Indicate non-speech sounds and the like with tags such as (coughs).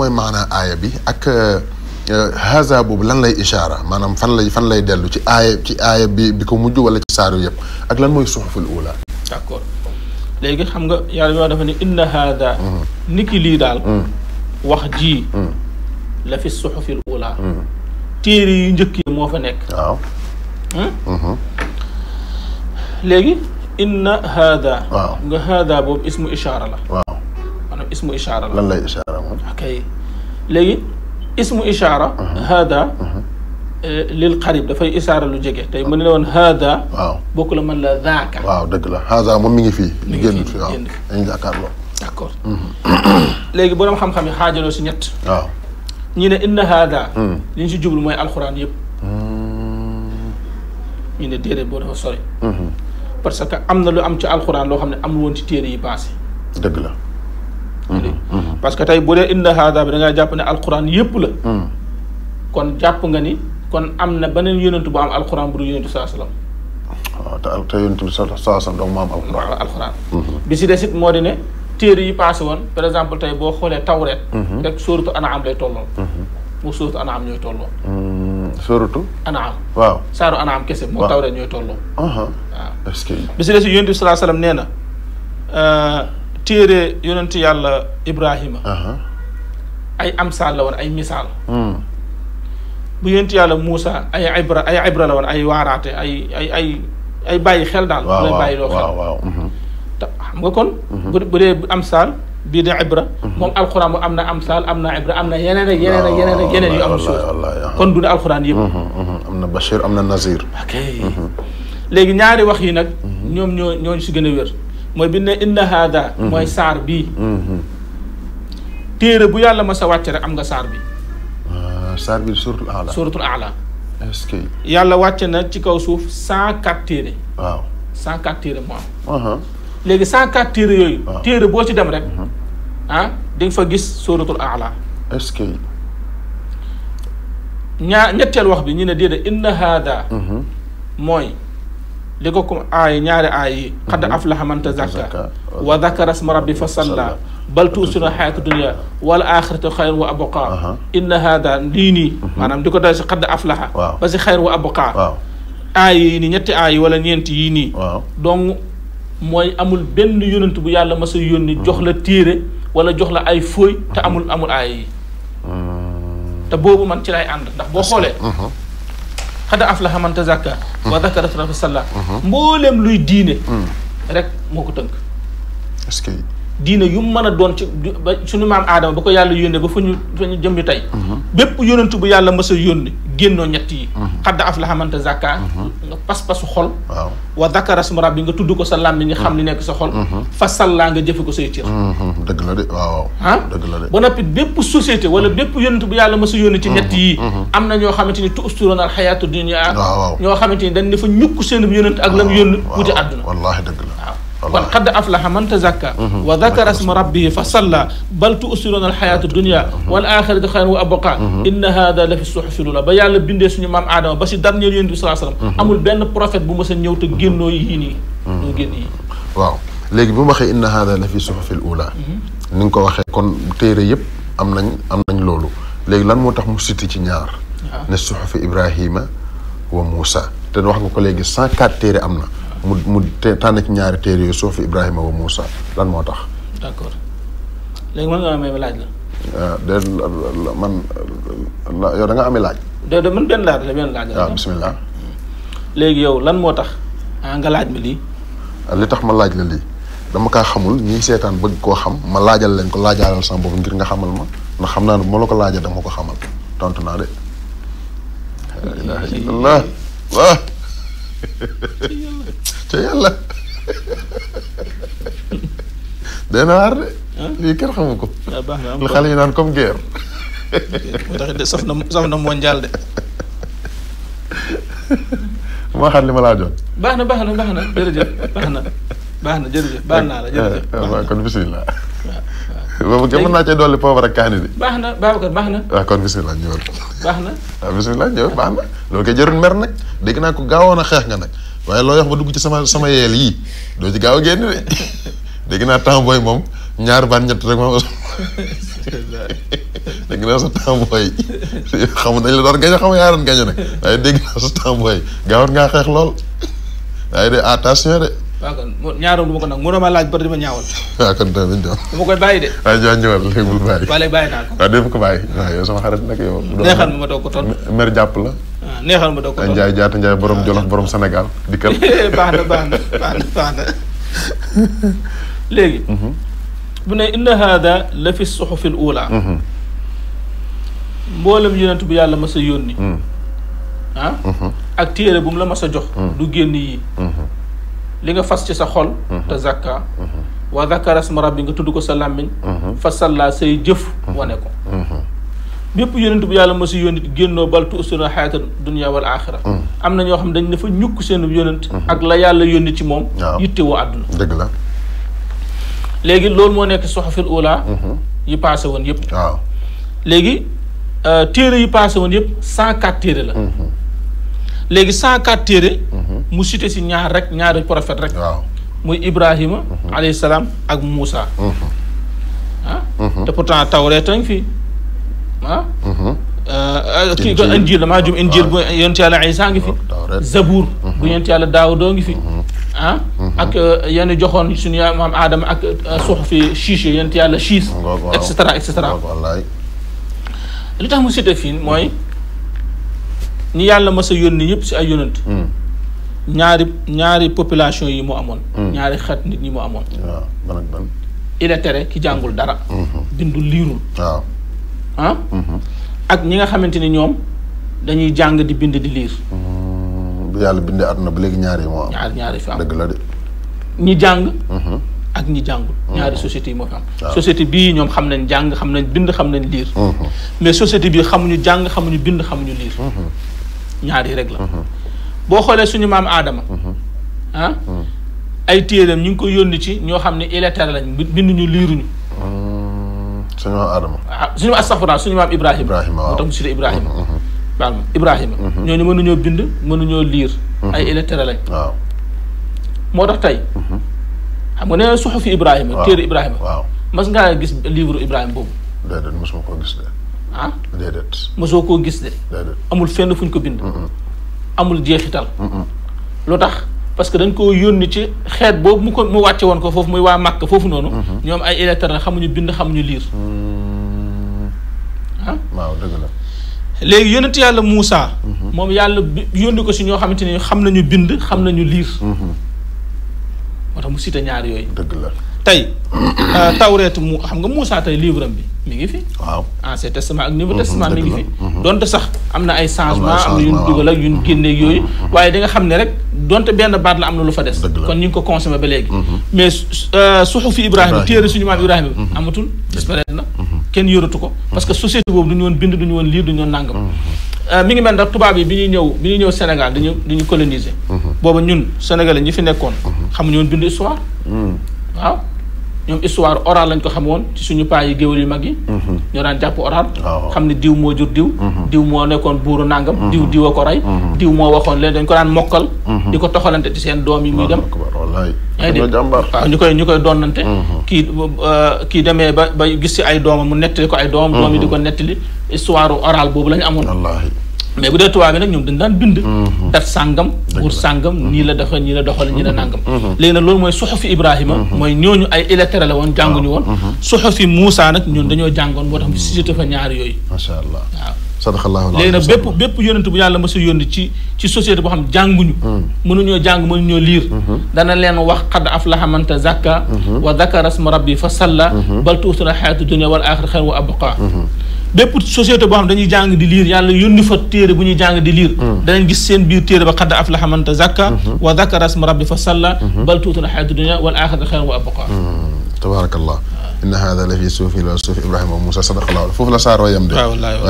mooy maanaa aaya bi ak haza boobu lan lay ishaara maanaam fan lay fan lay dellu ci aaya ci aaya bi bi ko mujj wala ci saar yëpp ak lan mooy suxuful uula d' accord léegi xam nga yàlla bi wax dafa ne inna haada niki lii daal wax ji la fi suxufil uula téere yu njëkk yi moo fa nekk waaw léegi inna haada waaw nga haada boobu ismu ishaara la waaw maanaam ismu ishaara la lan lay ishaara اي لكن اسم اشاره هذا آه، للقريب دا فاي اشاره لو جيغي طيب، من لون هذا واو بوكو من لا ذاك واو دغ لا هذا مو ميغي في لي ген في واو اني داكار لو داكور لغي بوروم خام خامي حاجه لو سي نيت واو ني ان هذا لي نسي جوبل موي القران ييب ني ن ديري بوروم سوري اها parce que amna lu am ci alcorane lo xamne amul Mm-hmm. Mm-hmm. parce que tey bu dee inna haada bi da ngaa jàpp ne alquran yépp la. Mm. kon jàpp nga ni kon am na beneen yonentu bu am alquran bu dul yonentu saa salaam. waaw al te yonentu bi saa salaam si des it moo di ne téere yi passé woon par exemple tey boo xoolee tawreet. Mm-hmm. rek sóoratu anaam lay tolloo. mu sóoratu anaam ñooy tolloo. sóoratu. anaam waaw saaru anaam kese. waaw moo tawreet ñooy tolloo. Uh-huh. waaw. est ce que. bi si des yonentu bi saa salaam nee na. Euh, tire yonent yàlla Ibrahima. ay amsaal la won ay misaal. bu yonent yàlla Moussa ay ibra ay ibra la won ay warate ay ay ay ay baye xel dal waaw lay bàyyi loo xel. xam nga kon. bu de amsaal bi de ibra. mom alxuraan amna am amna ibra amna na yeneen ak yeneen ak yeneen ak yu am so kon du ne alxuraan yëpp. am na Bachir am na Nazir. ok léegi ñaari wax yi nak ñom ñoo ñoo ci gëna wér. mooy bi ne inna haada mooy mhm. saar bi mhm. téere bu yàlla ma sa wàcc rek am nga saar bi ah, saar bi suratul aala suratul aala est yàlla wàcce na ci kaw suuf cent quatre téere waaw téere moo uh-huh. léegi cent quatre téere yooyu téere boo ci dem rek mhm. ah fa gis suratul aala est ñaar ñetteel wax bi ñu ne déedéet inna haada mooy ليكو كوم آي نيار آي قد أفلح من تزكى وذكر اسم ربي فصلى بل توسر حياة الدنيا والآخرة خير وأبقى إن هذا ليني أنا مديكو داس قد أفلح بس خير وأبقى آي نيت آي ولا نيت يني دون موي أمول بن يونت بيا لما سيوني جهل تير ولا جهل آي فوي تأمل أمول آي تبوب من تلاي عند بقوله xada aflaha man tazakka wa dakara fa salla mhm. mbooleem luy diine mm. rek moo ko tënk diine yu man a doon ci ba suñu maam aadama ba ko yàlla yónnee ba fa ñu fa ñu jëm tey mhm. bépp yónnantu bu yàlla ma a yónni génnoo ñett yi mhm. xadda la xamante zakka mhm. nga pas-pasu xol wa zakara suma rabbi nga tudd ko sa làmmiñ nga xam li nekk sa xol fa sallaa nga jëfe ko dëgg la de waaw ah? ba noppi bépp société wala bépp yónnantu bu yàlla mës a yónni ci ñett yi am na ñoo xamante ni tusturoon al xayaatu dunya ñoo xamante ni dañ ne fa ñukk seen yónnant ak lam yónn wuti àdduna قد قد أفلح من تزكى وذكر اسم ربه فصلى بل تؤثرون الحياة الدنيا والآخرة خير وأبقى إن هذا لفي الصحف الأولى ba yàlla bindee suñu maam Aadama ba si dernier yonent bi sallallahu alayhi wasallam amul benn prophète bu mës a ñëw te génnoo yii nii doo génn yi waaw léegi bu ma waxee inna hada la fi suhuf al ula ni nga ko waxee kon téere yëpp am nañ am nañ loolu léegi lan moo tax mu siti ci ñaar ne suhufi Ibrahima wa Moussa te wax nga ko léegi cent quatre téere am na mu mu tànn ci ñaari téere yooyu soo fi Ibrahima wa Moussa lan moo tax. d'accord léegi mën nga amee laaj la. waaw euh, de man yow da nga laaj. de de man benn laaj la benn ah, bismillah. léegi yow lan moo tax ah nga laaj ma lii. Euh, li tax ma laaj la lii dama kaa xamul ñi seetaan bëgg koo xam ma laajal leen ko laajaalal sama bopp ngir nga xamal ma ndax xam naa ne bu ma la ko laajee dama ko xamal tontu naa de. la ca yàlla dana waar de. lii kenn xamu ko. Ah, lu xale yi naan comme guerre. moo tax de saf na saf na mondial de. moo xam li ma laa jox. baax na baax na baax na jërëjëf baax na baax na jërëjëf baax naa la jërëjëf. Eh, eh, waaw kon bisimilah. léegi mën naa cee dolli poobar ak kaani bi. baax na Babacar baax na. waaw ah, kon bisimilah ñëwal. baax na waaw ah, bisimilah ñëwal baax na. loolu koy jarul mer nag dégg naa ko gaawoon a xeex nga nag waaye loo yox ba dugg ci sama sama yeel yii doo ci gaaw a génn (laughs) dégg naa temps booy moom ñaar baan ñett rek moom. (laughs) dégg xam dañ la doon gañ a xam yaa doon gañ nag waaye dégg naa sa tàmbooy gaawoon ngaa xeex lool waaye de attention de. waaw kon ñaareelu ma ko nag mënoo ma laaj bari di ñaawal. waaw ah, kon tamit dama koy bàyyi de. Ah, waaw ñoo ñëwal léegi bul ah, mm, jàpp la. waaw neexal ma doog ko ton Njaay jaata Njaay borom bu ne inna haada la fi suxufi l uula. Mhm. mboolem yonent bu yàlla ma a yónni. Mm. Mhm. ak téere bu mu la mas a jox. Mm. du génn yii. Mhm. li nga fas ci sa xol mhm. te zakka mhm. wa zakara sma bi nga tudd ko sa làmmiñ mhm. fa salla say jëf wane ko bépp yonent bu yàlla si yónit génnoo bal tuusuna xayata dunia wal axira am na ñoo xam dañ dafa ñukk seen yonent ak la yàlla yónni ci moom yitte woo àdduna dëgg la léegi loolu moo nekk soxafil ula yi paase woon yëpp waaw léegi euh, téere yi paase woon yëpp cent quatre téere la légui 104 quatre mu cité ci ñaar rek ñaar ñaari prophète rek muy Ibrahima alayhi salam ak Moussa hmm te pourtant tawré tan fi hmm hmm euh injil damaa jum injil bu yonent yàlla Isa ngi fi Zabour bu yonent yàlla Daawuda ngi fi hmm ak yene joxoon suñu ya mam adam ak suhfi shish yonent yàlla shish et cetera et cetera li tax mu cité fi moy ñi yàlla mas a yónni ñëpp si ay yónant hmm. ñaari ñaari population yi mu amoon hmm. ñaari xet nit ñi mu amoon waaw ban ak ban ki jàngul dara hmm. bindul liirul waaw ah? ak ñi nga xamante ni ñoom dañuy jàng di bind di liir bu yàlla bindee àdduna ba léegi ñaari moo am ñaari ñaari fi am dëgg la de ñi jàng ak ñi jàngul ñaari société yi moo fi am société bii ñoom xam nañ jàng xam nañ bind xam nañ liir mais société bii xamuñu jàng xamuñu bind xamuñu liir ñaar yi rek la. Mhm. boo xoolee suñu maam aadama mhm. ah mhm. ay téeram ñu ngi koy yónni ci ñoo xam ne illettrés lañ binduñu liiruñu. suñu maam Adama. Ah, suñu astafurlah suñu maam Ibrahima. Ibrahima waaw moo tax mu tuddee Ibrahima. Ibrahima. bind mënuñoo liir. ay moo tax tey. xam nga nee na suxufi Ibrahima. waaw téere Ibrahima. waaw mas ngaa gis livre Ibrahima boobu. ah. déedéet koo gis de. amul fenn fuñ ko bind. amul jeexital. lu tax parce que dañ koo yónni ci xeet boobu mu ko mu wàcce woon ko foofu muy waa Màkk foofu noonu. Mm-hmm. ñoom ay électeurs la xamuñu bind xamuñu liir. Mm-hmm. ah waaw dëgg la. léegi yàlla Moussa. Mm-hmm. moom yàlla yónni ko si ñoo xamante ni xam nañu bind xam nañu liir. moo mu cité ñaar yooyu. dëgg la tey (coughs) euh, tawreet mu xam nga Moussa tey livre bi. mi ngi fi. waaw ancien testament ak nouveau mhm, testament mi ngi fi. Mhm. donte sax am na ay changement am na yu ñu dugal ak yu ñu mhm. génneeg yooyu. waaye di nga xam ne rek donte benn baat la am na lu fa des. kon ñu ngi ko consommé ba léegi. mais euh, suxu fi Ibrahima téere suñu maam Ibrahima amatul disparaître na. kenn yoratu ko parce que société boobu du ñu woon bind du ñu woon lire du ñu woon nangam. Euh, mi ngi mel ndax tubaab yi bi ñuy ñëw bi ñuy ñëw Sénégal dañu ñu coloniser. booba ñun sénégalais ñi fi nekkoon. xamuñu woon bind histoire. waaw ñom histoire oral lañ ko xamone ci suñu pa yi geewul yu magi ñu mhm. daan japp oral xamni oh. diw mo jur diw mhm. diw mo nekkon buru nangam diw mhm. diw ko ray diw mo waxon le dañ ko daan mokal diko toxalante ci seen dom yi muy dem wallahi eh, jambar ñu koy ñu koy donante ki eh, ki deme ba gis ci ay dom mu netti ko ay dom dom yi diko netti li histoire oral bobu lañ amone wallahi mais bu dee tubaab bi nag ñoom dañ daan bind def sàngam buur sàngam nii la dafa nii la doxale ni la nàngam léegi nag loolu mooy suxufi ibrahima mooy ñooñu ay illettrés la woon jànguñu woon suxufi Moussa nag ñun dañoo jàngoon boo tax mu suscité fa ñaari yooyu macha allah waaw sadaqallahu léegi nag bépp bépp yónent bu yàlla mos a yónni ci ci société boo xam jànguñu mënuñoo jàng mënuñoo liir dana leen wax xad aflaha man tazakka wa dakara asma rabbi fa salla bal tuutuna xayatu dunia wal axira xayr wa abqa bépp société boo xam dañuy jàng di liir yàlla yónni fa téere bu ñuy jàng di liir danañ gis seen biir téere ba xadda aflaha man tazakka wa dhakara isma rabbi fa salla bal tuutuna xayatu dunya wal axirata xeyrun wa abqa tabaarakallah inna hada la fi suufi la suufi ibrahima wa musa sadaqallah foofu la saaroo yam de